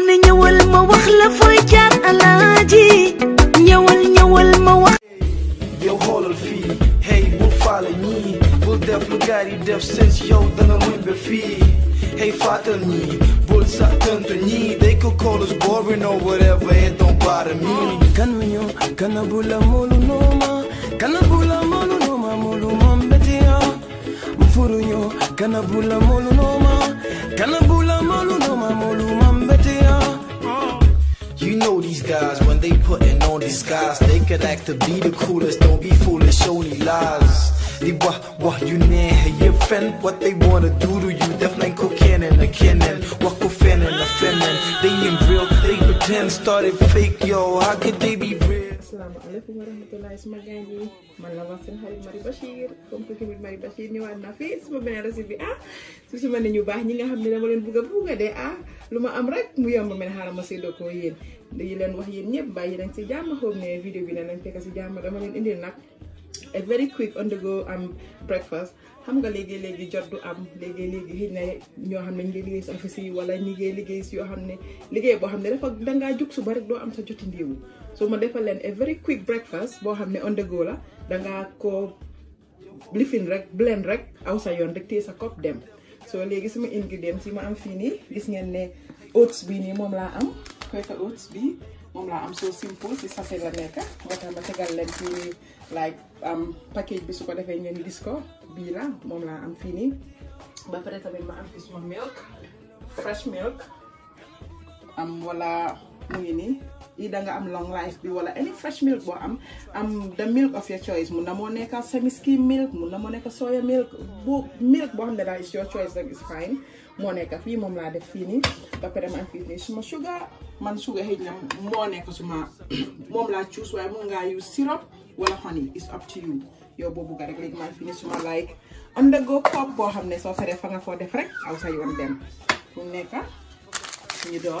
ma ne ñëwal ma wax la fooy jaar alaaji ñëwal ñëwal ma wax yow xoolal fii hey bul faale ñii bul def lu gaar yi def seen yow danga mën ba fii hey faatal ñii bul sa tënt ñii they could call us boring or whatever it don't bother me kan wi ñoo kana bula molu nooma kana bula molu nooma molu mam betiya mfuru ñoo kana bula molu nooma to be the coolest. Don't be foolish, only lies. They wah wah you near your friend. What they wanna do to you? Definitely like cocaine and a cannon. Walk offend and a feminine. They ain't real, they pretend. Started fake, yo. How could they be real? asalaamaaleykum wa rahmatulah suma gaañ yi man la wax seen xarit Marie Bachir comme que tamit Marie Bachir ñëwaat naa fii suma beneen recette ah su si ma ne ñu baax ñi nga xam ne dama leen bugg a bugg a dee ah lu ma am rek mu yomb mel xaaral ma séddoo ko yéen dañu leen wax yéen ñëpp bàyyi leen si jàmm xool ne vidéo bi danañ fekk si jàmm dama leen indil nag. a very quick on the go am um, breakfast xam nga léegi léegi jot du am léegi léegi xëy na ñoo xam ne ñu ngi liggéey si office yi wala ñu ngi liggéey si yoo xam ne liggéey boo xam ne dafa dangaa jug suba rek doo am sa joti ndiiwu soo ma defal leen a very quick breakfast boo xam ne on the go la dangaa ko lifin rek blend rek aw sa yoon rek téye sa kopp dem soo léegi sama ingrédients yi ma am fii nii gis ngeen ne oats bii nii moom laa am koy ka oats bi moom laa am soo simple ci sachet la nekk ba tax ma tegal leen ci like am package bi su ko defee ngeen gis ko bii la moom laa am fii nii ba pare tamit ma am milk fresh milk am wala mu i danga am long life bi wala any fresh milk boo am am the milk of your choice mun na moo nekka semi skim milk na moo nekka soya milk bu milk boo xam ne daal is your choice rek is fine moo nekka fii moom laa def fii nii ba pare ma suma sugar man sugar xëy na moo nekk suma moom laa choose waaye mun ngaa use syrup wala honey is up to you yow boobu bugg rek léegi maa fini suma like on the go cup boo xam ne soo feree fa nga foo def rek aw sa yoon dem fu mu nekk ñu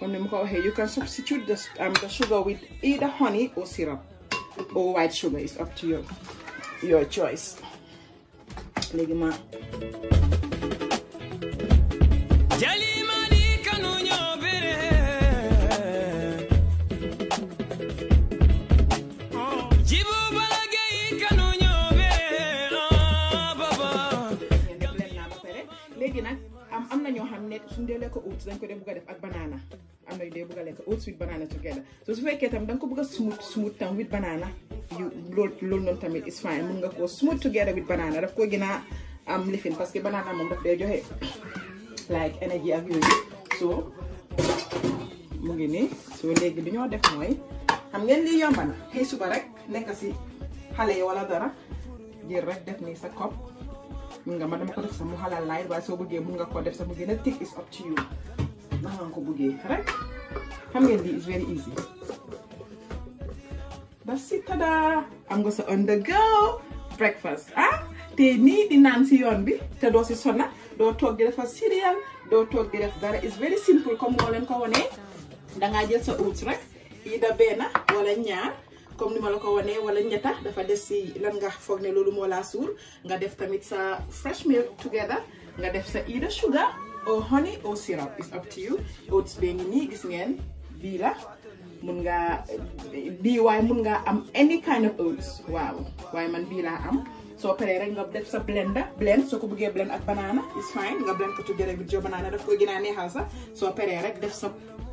comme you can substitute the um, the sugar with either honey or syrup or white sugar it's up to you your choice am a am na idée bëgg lekk oats with banana together so su fekkee tam da ko bëgg smooth smooth tam with banana you loolu loolu noonu tamit is fine mun nga koo smooth together with banana daf ko gën a am lifin parce que banana moom daf day joxe like energy ak yooyu so mu ngi nii so léegi bi def mooy xam ngeen lii yomba na xëy suba rek nekk si xale yi wala dara jël rek def nii sa kopp mun nga ma dama ko def sa mu xalal laay waaye soo bëggee mun nga koo def sa mu gën a is up to you naka nga ko buggee rek xam is very easy that's it tada am nga sa on the go breakfast ah te nii di Nancy si yoon bi te doo si sona doo toog di defar cereal do toog di def dara is very simple comme moo leen ko wonee dangaa jël sa oats rek ida benn wala ñaar comme ni ma la ko wonee wala ñetta dafa des si lan nga foog ne loolu moo nga def tamit sa fresh milk together nga def sa ida sugar or oh, honey or oh, syrup. It's up to you. Oats being ni gis ngeen bi la mun nga bi way mun nga am any kind of oats. Wow. Way man bi la am. Um. So pare rek nga def sa blender, ah. blend so ko bëgge blend ak banana, it's fine. Nga blend ko together with jo banana daf ko gina neexal ah. sa. So pare rek def sa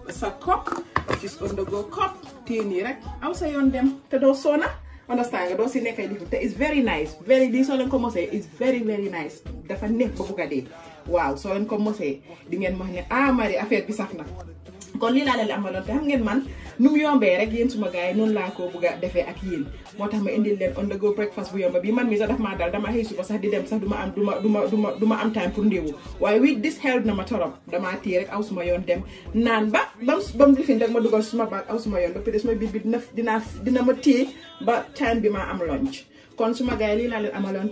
sa cup, just on the go cup, téni rek. Aw sa yon dem te do sona. Ah. understand nga do si nekay difu te is very nice very this so len it's is very very nice dafa nek bu ko waaw soo leen ko mosee di ngeen wax ne ah Marie affaire bi saf na kon lii laa leen amaloon te xam ngeen man nu mu yombee rek yéen suma gars yi noonu laa ko bëgg defee ak yéen moo tax ma indi leen on the go breakfast bu yomba bi man mi sax daf maa dal dama xëy suba sax di dem sax du ma am du ma du ma du ma du ma am time pour ndéewu waaye with this help na ma torop damaa téye rek aw suma yoon dem naan ba bam bam lifin rek ma dugal suma baag aw suma yoon ba peut-être suma biir bi dina dina dina ma téye ba time bi maa am consumer gars yi lii laa leen amaloon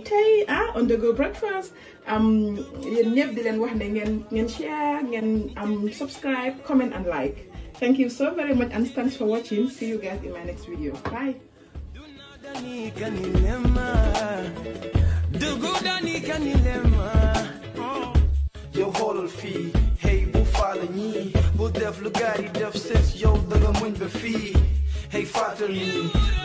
ah on the go breakfast Um, yéen ñëpp di leen wax ne ngeen ngeen share ngeen am subscribe comment and like thank you so very much and thanks for watching see you guys in my next video bye. hey